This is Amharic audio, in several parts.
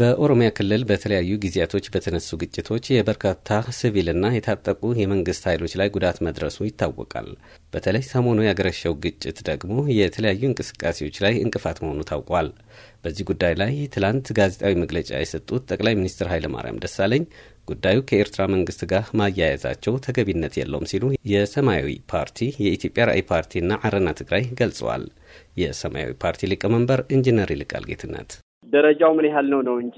በኦሮሚያ ክልል በተለያዩ ጊዜያቶች በተነሱ ግጭቶች የበርካታ ሲቪልና የታጠቁ የመንግስት ኃይሎች ላይ ጉዳት መድረሱ ይታወቃል። በተለይ ሰሞኑ ያገረሸው ግጭት ደግሞ የተለያዩ እንቅስቃሴዎች ላይ እንቅፋት መሆኑ ታውቋል። በዚህ ጉዳይ ላይ ትላንት ጋዜጣዊ መግለጫ የሰጡት ጠቅላይ ሚኒስትር ኃይለማርያም ደሳለኝ ጉዳዩ ከኤርትራ መንግስት ጋር ማያያዛቸው ተገቢነት የለውም ሲሉ የሰማያዊ ፓርቲ የኢትዮጵያ ራዕይ ፓርቲና አረና ትግራይ ገልጸዋል። የሰማያዊ ፓርቲ ሊቀመንበር ኢንጂነር ይልቃል ጌትነት ደረጃው ምን ያህል ነው ነው እንጂ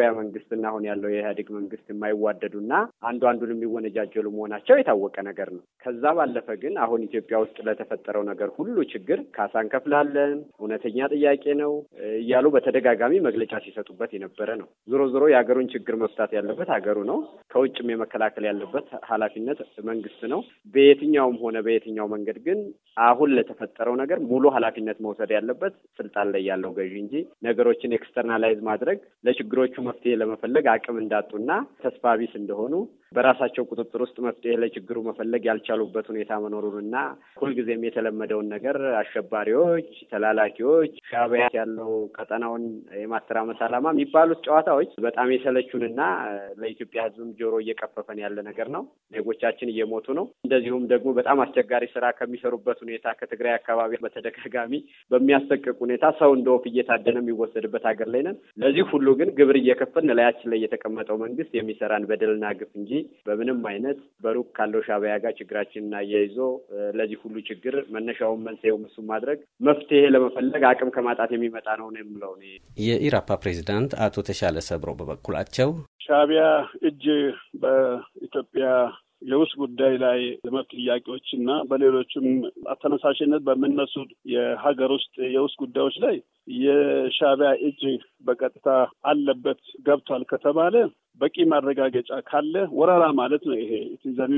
መንግስት መንግስትና አሁን ያለው የኢህአዴግ መንግስት የማይዋደዱና አንዱ አንዱን የሚወነጃጀሉ መሆናቸው የታወቀ ነገር ነው። ከዛ ባለፈ ግን አሁን ኢትዮጵያ ውስጥ ለተፈጠረው ነገር ሁሉ ችግር ካሳ እንከፍላለን፣ እውነተኛ ጥያቄ ነው እያሉ በተደጋጋሚ መግለጫ ሲሰጡበት የነበረ ነው። ዞሮ ዞሮ የሀገሩን ችግር መፍታት ያለበት ሀገሩ ነው። ከውጭም የመከላከል ያለበት ኃላፊነት መንግስት ነው። በየትኛውም ሆነ በየትኛው መንገድ ግን አሁን ለተፈጠረው ነገር ሙሉ ኃላፊነት መውሰድ ያለበት ስልጣን ላይ ያለው ገዢ እንጂ ነገሮች ችግሮችን ኤክስተርናላይዝ ማድረግ ለችግሮቹ መፍትሄ ለመፈለግ አቅም እንዳጡና ተስፋ ቢስ እንደሆኑ በራሳቸው ቁጥጥር ውስጥ መፍትሄ ለችግሩ መፈለግ ያልቻሉበት ሁኔታ መኖሩንና ሁልጊዜም የተለመደውን ነገር አሸባሪዎች፣ ተላላኪዎች፣ ሻቢያ ያለው ቀጠናውን የማተራመስ ዓላማ የሚባሉት ጨዋታዎች በጣም የሰለቹንና ለኢትዮጵያ ሕዝብም ጆሮ እየቀፈፈን ያለ ነገር ነው። ዜጎቻችን እየሞቱ ነው። እንደዚሁም ደግሞ በጣም አስቸጋሪ ስራ ከሚሰሩበት ሁኔታ ከትግራይ አካባቢ በተደጋጋሚ በሚያስጠቅቅ ሁኔታ ሰው እንደ ወፍ እየታደነ የሚወሰድበት ሀገር ላይ ነን። ለዚህ ሁሉ ግን ግብር እየከፈልን ላያችን ላይ የተቀመጠው መንግስት የሚሰራን በደልና ግፍ እንጂ በምንም አይነት በሩቅ ካለው ሻዕቢያ ጋር ችግራችንን አያይዞ ለዚህ ሁሉ ችግር መነሻውን መንስኤው ምሱ ማድረግ መፍትሄ ለመፈለግ አቅም ከማጣት የሚመጣ ነው ነው የምለው። የኢራፓ ፕሬዚዳንት አቶ ተሻለ ሰብሮ በበኩላቸው ሻቢያ እጅ በኢትዮጵያ የውስጥ ጉዳይ ላይ ለመብት ጥያቄዎች እና በሌሎችም አተነሳሽነት በምነሱ የሀገር ውስጥ የውስጥ ጉዳዮች ላይ የሻቢያ እጅ በቀጥታ አለበት ገብቷል ከተባለ በቂ ማረጋገጫ ካለ ወረራ ማለት ነው። ይሄ ኢትዛም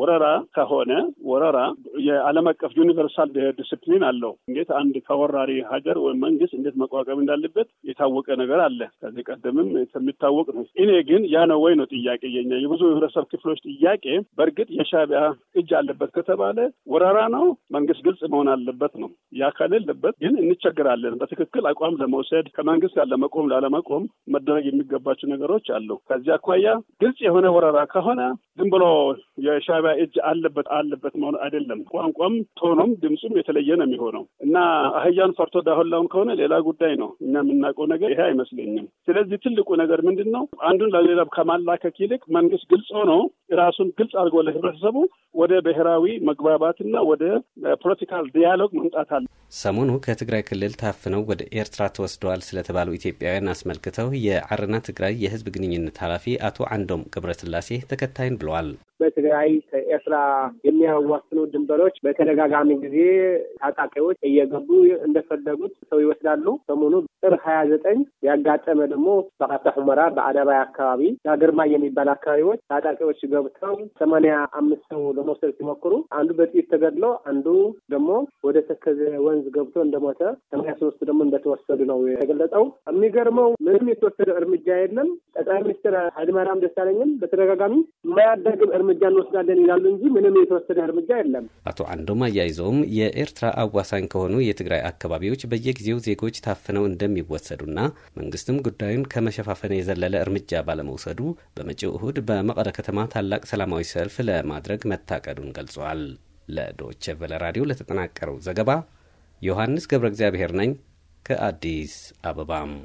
ወረራ ከሆነ ወረራ የዓለም አቀፍ ዩኒቨርሳል ዲስፕሊን አለው። እንዴት አንድ ተወራሪ ሀገር ወይም መንግስት እንዴት መቋቋም እንዳለበት የታወቀ ነገር አለ። ከዚህ ቀደምም የሚታወቅ ነው። እኔ ግን ያ ነው ወይ ነው ጥያቄ የኛ የብዙ ህብረተሰብ ክፍሎች ጥያቄ። በእርግጥ የሻቢያ እጅ አለበት ከተባለ ወረራ ነው። መንግስት ግልጽ መሆን አለበት ነው። ያ ከሌለበት ግን እንቸግራለን። ትክክል አቋም ለመውሰድ ከመንግስት ጋር ለመቆም ላለመቆም መደረግ የሚገባቸው ነገሮች አሉ። ከዚህ አኳያ ግልጽ የሆነ ወረራ ከሆነ ዝም ብሎ የሻቢያ እጅ አለበት አለበት መሆን አይደለም። ቋንቋም ቶኖም ድምፁም የተለየ ነው የሚሆነው እና አህያን ፈርቶ ዳሆላውን ከሆነ ሌላ ጉዳይ ነው። እኛ የምናውቀው ነገር ይሄ አይመስለኝም። ስለዚህ ትልቁ ነገር ምንድን ነው? አንዱን ለሌላ ከማላከክ ይልቅ መንግስት ግልጽ ሆኖ ራሱን ግልጽ አድርጎ ለህብረተሰቡ ወደ ብሔራዊ መግባባትና ወደ ፖለቲካል ዲያሎግ መምጣት አለ። ሰሞኑ ከትግራይ ክልል ታፍነው ወደ ኤርትራ ተወስደዋል ስለተባሉ ኢትዮጵያውያን አስመልክተው የአረና ትግራይ የህዝብ ግንኙነት ኃላፊ አቶ አንዶም ገብረስላሴ ተከታይን ብለዋል። በትግራይ ከኤርትራ የሚያዋስኑ ድንበሮች በተደጋጋሚ ጊዜ ታጣቂዎች እየገቡ እንደፈለጉት ሰው ይወስዳሉ። ሰሞኑ ጥር ሀያ ዘጠኝ ያጋጠመ ደግሞ በቀተ ሁመራ በአደባይ አካባቢ ዳግርማ የሚባል አካባቢዎች ታጣቂዎች ገብተው ሰማንያ አምስት ሰው ለመውሰድ ሲሞክሩ አንዱ በጥይት ተገድሎ አንዱ ደግሞ ወደ ተከዘ ወንዝ ገብቶ እንደሞተ ሰማንያ ሶስት ደግሞ እንደተወሰዱ ነው የተገለጠው። የሚገርመው ምንም የተወሰደ እርምጃ የለም። ጠቅላይ ሚኒስትር ኃይለማርያም ደሳለኝም በተደጋጋሚ የማያዳግም እርምጃ እንወስዳለን ይላሉ እንጂ ምንም የተወሰደ እርምጃ የለም። አቶ አንዶም አያይዘውም የኤርትራ አዋሳኝ ከሆኑ የትግራይ አካባቢዎች በየጊዜው ዜጎች ታፍነው እንደሚወሰዱና መንግስትም ጉዳዩን ከመሸፋፈን የዘለለ እርምጃ ባለመውሰዱ በመጪው እሁድ በመቀለ ከተማ ታላቅ ሰላማዊ ሰልፍ ለማድረግ መታቀዱን ገልጿል። ለዶቼ ቨለ ራዲዮ ለተጠናቀረው ዘገባ ዮሐንስ ገብረ እግዚአብሔር ነኝ ከአዲስ አበባም